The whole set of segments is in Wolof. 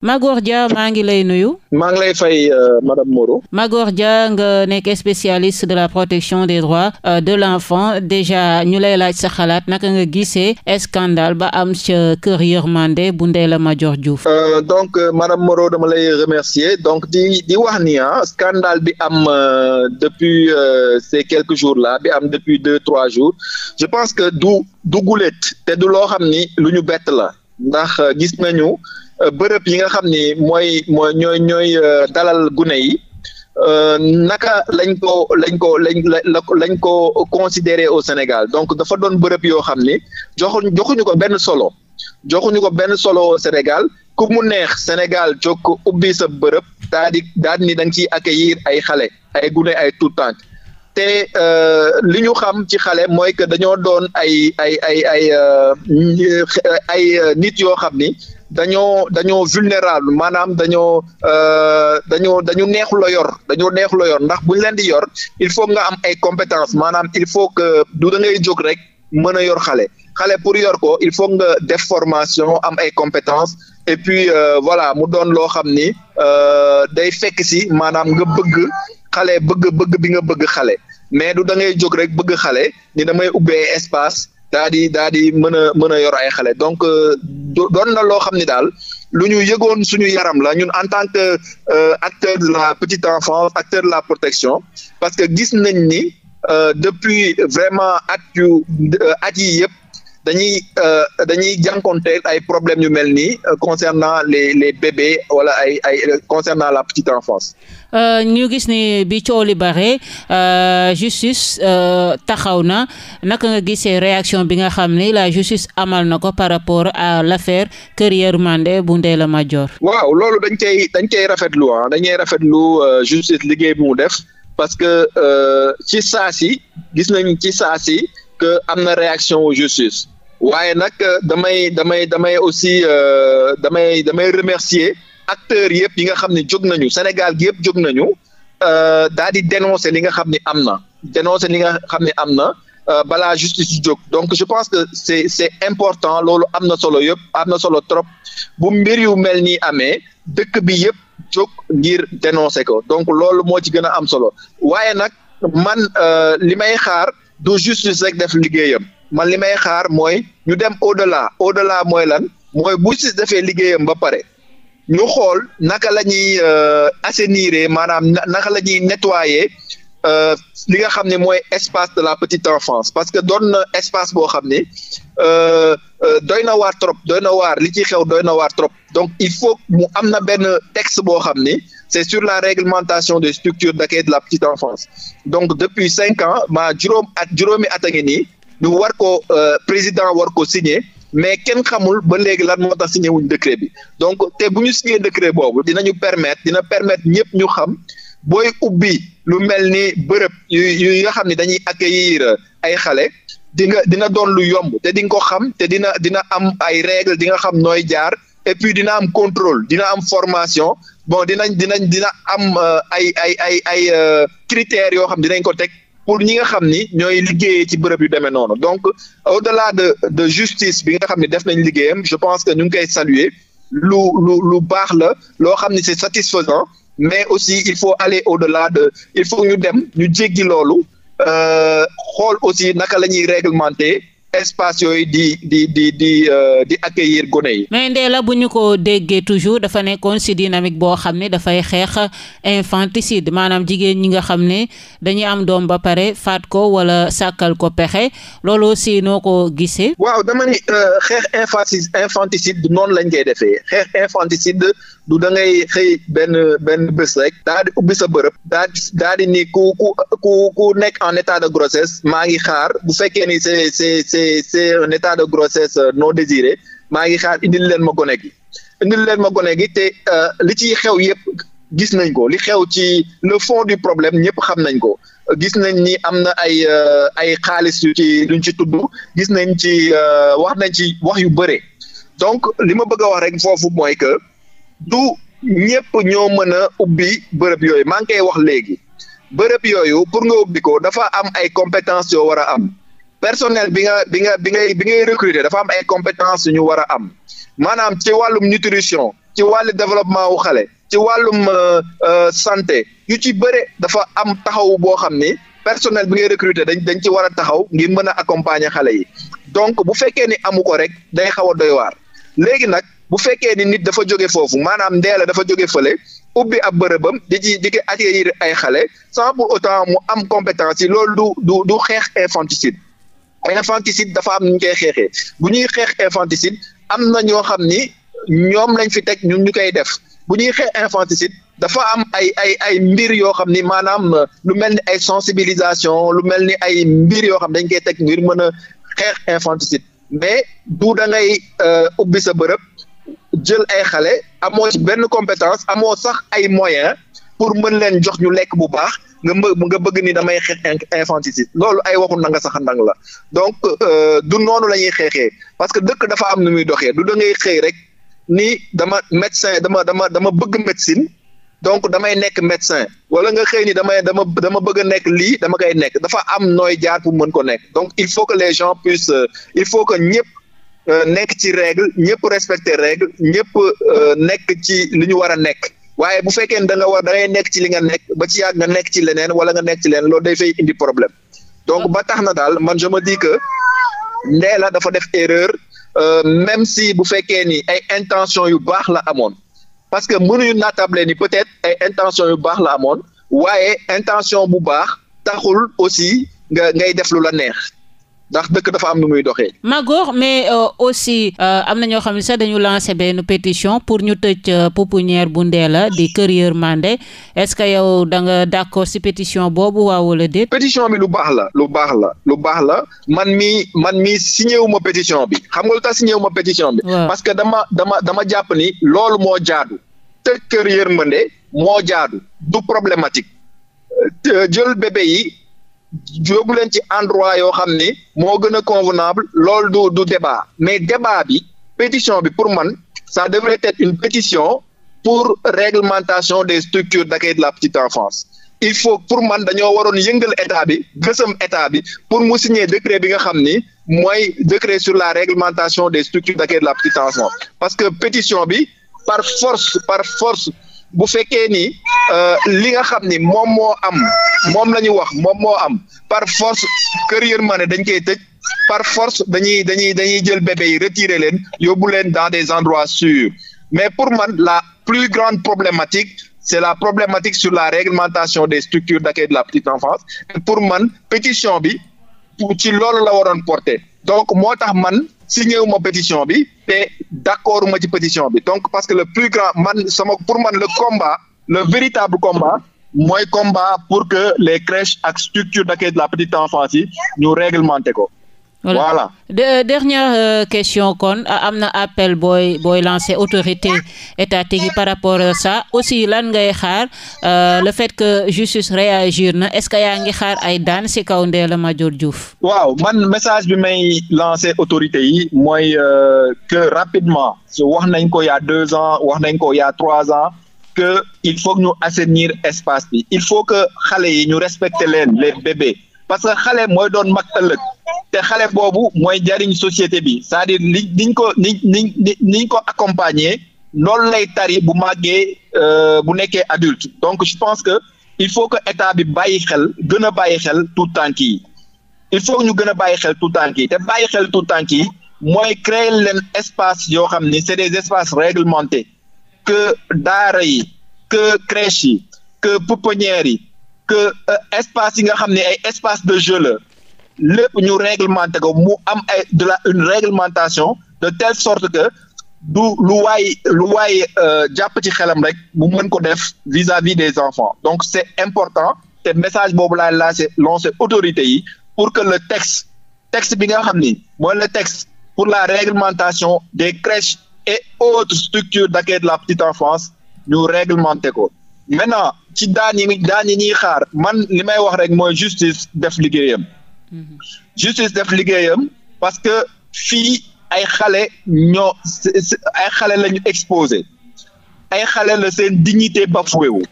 Magor Dia maa ngi lay nuyu. maa ngi lay fay euh, madame Moreau. Magor Dia nga nekk spécialiste de la protection des droits euh, de l'enfant déjà ñu lay laaj sa xalaat naka nga gisee scandale ba am ca kër mandé bu Ndella la Diouf. Euh, donc euh, madame Moreau dama lay remercier donc di wax ni ah scandale bi am euh, depuis euh, ces quelques jours là bi am depuis deux trois jours je pense que du du gulet te du loo xam ni lu ñu bett la ndax gis nañu. bërëb yi nga xam ni mooy mooy ñooy ñooy euh, dalal gune yi euh, naka lañ ko lañ ko lañ lañ ko considéré au Sénégal donc dafa doon bërëb yoo xam ni joxuñ joxuñu ko benn solo joxuñu ko benn solo au Sénégal ku mu neex Sénégal jokk ubbi sa bërëb daa di daa di ni da nga ay xale ay gune ay tout tànk te euh, li ñu xam ci xale mooy que dañoo doon ay ay ay ay ay nit yoo xam ni dañoo dañoo vulnérable maanaam dañoo euh, dañoo dañu neexu la yor dañoo neexu la yor ndax bu ñu leen di yor il faut nga am ay compétences maanaam il faut que du da ngay jóg rek mën a yor xale xale pour yor ko il faut nga def formation am ay compétences et puis euh, voilà mu doon loo xam ni euh, day fekk si maanaam nga bëgg xale bëgg bëgg bi nga bëgg xale mais du da ngay jóg rek bëgg xale ni damay ubbee espace daa di daa di mën a mën a yor ay xale donc doon na loo xam ni daal lu ñu yëgoon suñu yaram la ñun en tant que euh, acteur de la petite enfance acteur de la protection parce que gis nañ ni euh, depuis vraiment at yu euh, at yi yëpp dañuy euh, dañuy jànkoonte ay problèmes yu mel nii euh, concernant les les bébés wala ay ay concernant la petite enfance. Euh, ñu gis ni bi coow li bare justice taxaw na naka nga gisee réaction bi nga xam ni la justice amal na ko par rapport à l'affaire Kër Yërmande bu Ndella Madior. waaw loolu dañ koy dañ koy rafetlu ah dañuy rafetlu justice liggéey bi mu def parce que ci saa si gis nañ ci saasi si am na réaction justice. waaye nag euh, damay damay damay aussi euh, damay damay remercier acteurs yëpp yi nga xam ne jóg nañu Sénégal gi yëpp jóg nañu euh, daal di dénoncer li nga xam ne am na dénoncer li nga xam ne am na balaa justice jóg donc je pense que c'est c'est important loolu am na solo yëpp am na solo trop bu mbir yu mel nii amee dëkk bi yëpp jóg ngir dénoncer ko donc loolu moo ci gën a am solo waaye nag man li may xaar du justice rek def liggéeyam. man li may xaar mooy ñu dem au delà au la mooy lan mooy bu justice defee liggéeyam ba pare ñu xool naka la ñuy euh, assainir maanaam naka la ñuy nettoyer euh, li nga xam ne mooy espace de la petite enfance parce que doon na espace boo xam ne euh, doy na waar trop doy na waar li ci xew doy na waar trop donc il faut mu am na benn texte boo xam ne c'est sur la réglementation des structures d'accueil de la petite enfance donc depuis cinq ans ma juróom at juróomi at a ngi nii ñu war ko euh, président war ko signer mais kenn xamul ba léegi lan moo tax signé wuñ décret bi donc te bu ñu signé décret boobu dinañu permettre dina permettre ñëpp ñu xam booy ubbi lu mel ni bërëb yu nga xam ni dañuy accueillir euh, ay xale di nga dina doon lu yomb te di nga ko xam te dina dina am ay règles di nga xam nooy jaar et puis dina am contrôle dina am formation bon dinañ dinañ dina am euh, ay ay ay ay critères yoo xam dinañ ko teg pour ñi nga xam ni ñooy liggéeyee ci bërëb yu demee noonu donc au delà de de justice bi nga xam ni def nañ liggéeyam je pense que ñu ngi koy saluer lu lu lu baax la loo xam ni c'est satisfaisant mais aussi il faut aller au delà de il faut ñu dem ñu jéggi loolu euh, xool aussi naka la ñuy réglementer espace yooyu di di di di euh, di accueillir gone yi. mais Ndella bu ñu ko déggee toujours dafa nekkoon si dynamique boo xam ne dafay xeex infanticide maanaam jigéen ñi nga xam ne dañuy am doom ba pare faat ko wala sàkkal ko pexe loolu aussi noo ko gisee. waaw dama ni euh, xeex infanti infanticide noonu lañ koy defee xeex infanticide du da ngay xëy benn benn bés rek daa di ubbi sa bërëb daa di daa di ni ku ku ku ku nekk en état de grossesse maa ngi xaar bu fekkee ni c'est c'est c'est c'est un état de grossesse euh, non désirée maa ngi xaar indi leen ma gone gi indil leen ma gone gi te euh, li ciy xew yëpp gis nañ ko li xew ci le fond du problème ñëpp xam nañ ko gis nañ ni am na ay euh, ay xaalis yu ci luñ ci tudd gis nañ ci wax nañ ci wax yu bëre donc li ma bëgg a wax rek foofu mooy que du ñëpp ñoo mën a ubbi bërëb yooyu maa wax léegi bërëb yooyu pour nga ubbi ko dafa am ay compétences yoo war a am personnel bi nga bi nga bi ngay bi ngay dafa am ay compétences yu ñu war a am maanaam ci wàllum nutrition ci wàllu développement wu xale ci wàllum euh, euh, santé yu ci bëre dafa am taxaw boo xam ni personnel bi ngay recruter dañ dañ ci war a taxaw ngir mën a accompagner xale yi donc bu fekkee ni amu ko rek day xaw a doy léegi nag bu fekkee ni nit dafa jóge foofu maanaam ndeela dafa jóge fële ubbi a bërëbam di ci di ko accueillir ay xale sans pour autant mu am compétence yi loolu du du du xeex infanticide infanticide dafa am ñu koy xeexee bu ñuy xeex infanticide am na ñoo xam ni ñoom lañ fi teg ñun ñu koy def bu ñuy xeex infanticide dafa am ay ay ay mbir yoo xam ni maanaam lu mel ni ay sensibilisation lu mel ni ay mbir yoo xam dañ koy teg ngir mën a xeex infanticide mais du da ngay euh, ubbi sa bërëb jël ay xale amoo benn compétence amoo sax ay moyens pour mën leen jox ñu lekk bu baax nga nga bëgg ni damay xeex infanticide loolu ay waxu nanga sax ndang la donc euh, du noonu la ñuy xeexee parce que dëkk dafa am nu muy doxee du da ngay xëy rek ni dama médecin dama dama dama bëgg médecine donc damay nekk médecin wala nga xëy ni damay dama dama bëgg a nekk lii dama koy nekk dafa am nooy jaar pour mën ko nekk donc il faut que les gens puissent euh, il faut que ñëpp euh, nekk ci règle ñëpp respecter règle ñëpp nekk ci li ñu war a nekk waaye bu fekkee ne da nga war da nekk ci li nga nekk ba ci yàgg nga nekk ci leneen wala nga nekk ci leneen loolu day fay indi problème donc ba tax na daal man je me dis que Ndella dafa def erreur euh, même si bu fekkee ni ay intention yu baax la amoon parce que mënuñu naatable ni peu être ay intention yu baax la amoon waaye intention bu baax taxul aussi nga ngay def lu la neex ndax dëkk dafa am nu muy doxee. Magor mais euh, aussi euh, am na ñoo xam ne sax dañu lancé benn pétition pour ñu tëj euh, pouponnière bu ndee la di Kër Yërmande est-ce que yow da nga d'accord ci pétition boobu waaw wala déet. pétition bi lu baax la lu baax la lu baax la man mi man mi signé wu ma pétition bi xam nga lu tax signé ma pétition bi. parce que dama dama dama jàpp ni loolu moo jaadu. tëj Kër Yërmande moo jaadu du problématique jël bébé yi. yóbbu leen ci endroit yoo xam ni moo gën a convenable lool du du débat mais débat bi pétition bi pour man ça devrait être une pétition pour réglementation des structures d'accueil de la petite enfance il faut pour man dañoo waroon yëngal état bi gësam état bi pour mu signer décret bi nga xam ni mooy décret sur la réglementation des structures d'accueil de la petite enfance parce que pétition bi par force par force bu fekkee ni euh, li nga xam ni moom moo am moom la ñu wax moom moo am par force kër ne dañ koy tëj par force dañuy dañuy dañuy jël bébé yi retirer leen yóbbu leen dans des endroits sûrs mais pour man la plus grande problématique c'est la problématique sur la réglementation des structures d'accueil de la petite enfance pour man pétition bi ci loolu la waroon porter donc moo tax man signé wu ma pétition bi te d'accord ma ci pétition bi donc parce que le plus grand man sama pour man le combat le véritable combat mooy combat pour que les crèches ak structures d'accueil de la petite enfance yi ñu réglementé ko voilà, voilà. Euh, euh, question kon am na appel booy booy lancé autorité étatique yi par rapport à euh, ça aussi lan ngay xaar le fait que justice réagir na est-ce que yaa ngi xaar ay daan si kaw Ndella Madior Diouf waaw man message bi may lancé autorité yi mooy euh, que rapidement wax nañ ko il y deux ans wax nañ ko il y trois ans que il faut que ñu assainir espace bi il faut que xale yi ñu respecter leen les bébés parce que xale mooy doon mag ëllëg te xale boobu mooy jariñ société bi c'est-à-dire ni niñ ko ni ni niñ ko accompagner loolu lay tari bu màggee euh, bu nekkee adulte donc je pense que il faut que état bi bàyyi xel gën a bàyyi xel tout tànk yi il faut ñu gën a bàyyi xel tout tànk yi te bàyyi xel tout tànk yi mooy créer leen espace yoo xam ni c'est des espaces réglementés que daara yi que crèche yi que pouponnière yi que euh, espace yi nga xam ne ay espace de jeu la lépp ñu réglementé ko mu am ay de réglementation de telle sorte que du lu waay lu waay euh, jàpp ci xelam rek mu mën ko def vis-à-vis des enfants donc c'est important te message boobu laa lancé lancé autorités yi pour que le texte texte bi nga xam ni mooy le texte pour la réglementation des crèches et autres structures d'accueil de la petite enfance ñu réglementé ko maintenant ci daan yi daan ñuy xaar man li may wax rek mooy justice def liggéeyam mhm. justice def liggéeyam parce que fii ay xale ñoo ay xale lañu ñu exposé ay xale la seen dignité bafoué wu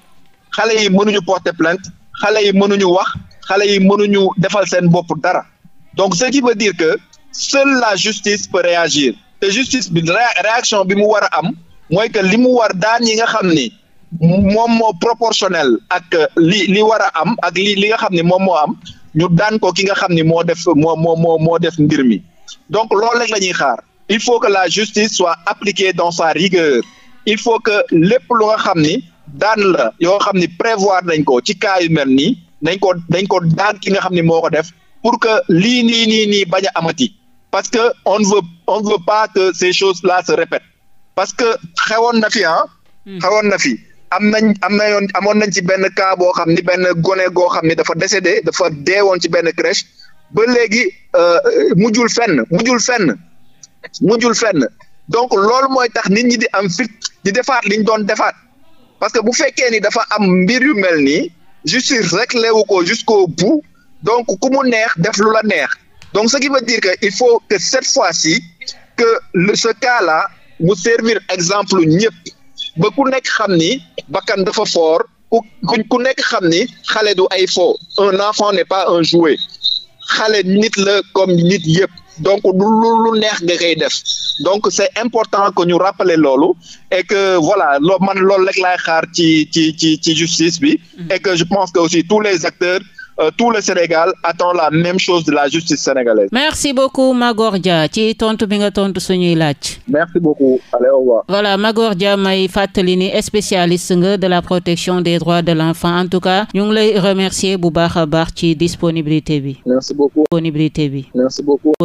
xale yi mënuñu porter plainte xale yi mënuñu wax xale yi mënuñu defal seen bopp dara donc ce qui veut dire que seule la justice peut réagir te justice bi réaction bi mu war a am mooy que li mu war daan yi nga xam ni moom moo proportionnel ak euh, li li war a am ak li li nga xam ne moom moo am ñu daan ko ki nga xam ni moo def moo moo moo moo mbir mi donc loolu rek la ñuy xaar il faut que la justice soit appliquée dans sa rigueur il faut que lépp lu nga xam ni daan la yoo xam ni prévoir nañ ko ci cas yu nii nañ ko dañ ko daan ki nga xam ni moo ko def pour que lii nii nii nii bañ amati parce que on ne veut on ne veut pas que ces choses là se répètent parce que xewoon na fi ah. Hmm. xewoon na fi. am nañ am na yoon amoon nañ ci benn cas boo xam ni benn gone goo xam ni dafa décédé dafa deewoon ci benn crèche ba léegi euh, mujjul fenn mujul fenn mujjul fenn donc loolu mooy tax nit ñi di am fit di defaat li ñu doon defaat parce que bu fekkee ni dafa am mbir yu mel nii justice rek leewu ko jusqu'au bu donc ku mu neex def lu la neex donc ce qui veut dire que il faut que cette fois-ci que ce cas-là mu servir exemple ñëpp ba ku nekk xam ni bakkan dafa fort ku ku nekk xam ni xale du ay fo un enfant n'est pas un jouet xale nit la comme nit yëpp donc lu lu neex nga koy def donc c'est important que ñu rappeler loolu et que voilà loo man loolu rek laay xaar ci ci ci ci justice bi mm-hmm. et que je pense que tous les acteurs euh, tout le Sénégal attend la même chose de la justice sénégalaise. merci beaucoup Magor Dia ci tontu bi nga tontu suñuy laaj. merci beaucoup allez au Dia may fàttali ni spécialiste nga de la protection des droits de l'enfant en tout cas ñu ngi lay remercier bu baax a baax ci disponibilité bi. bi.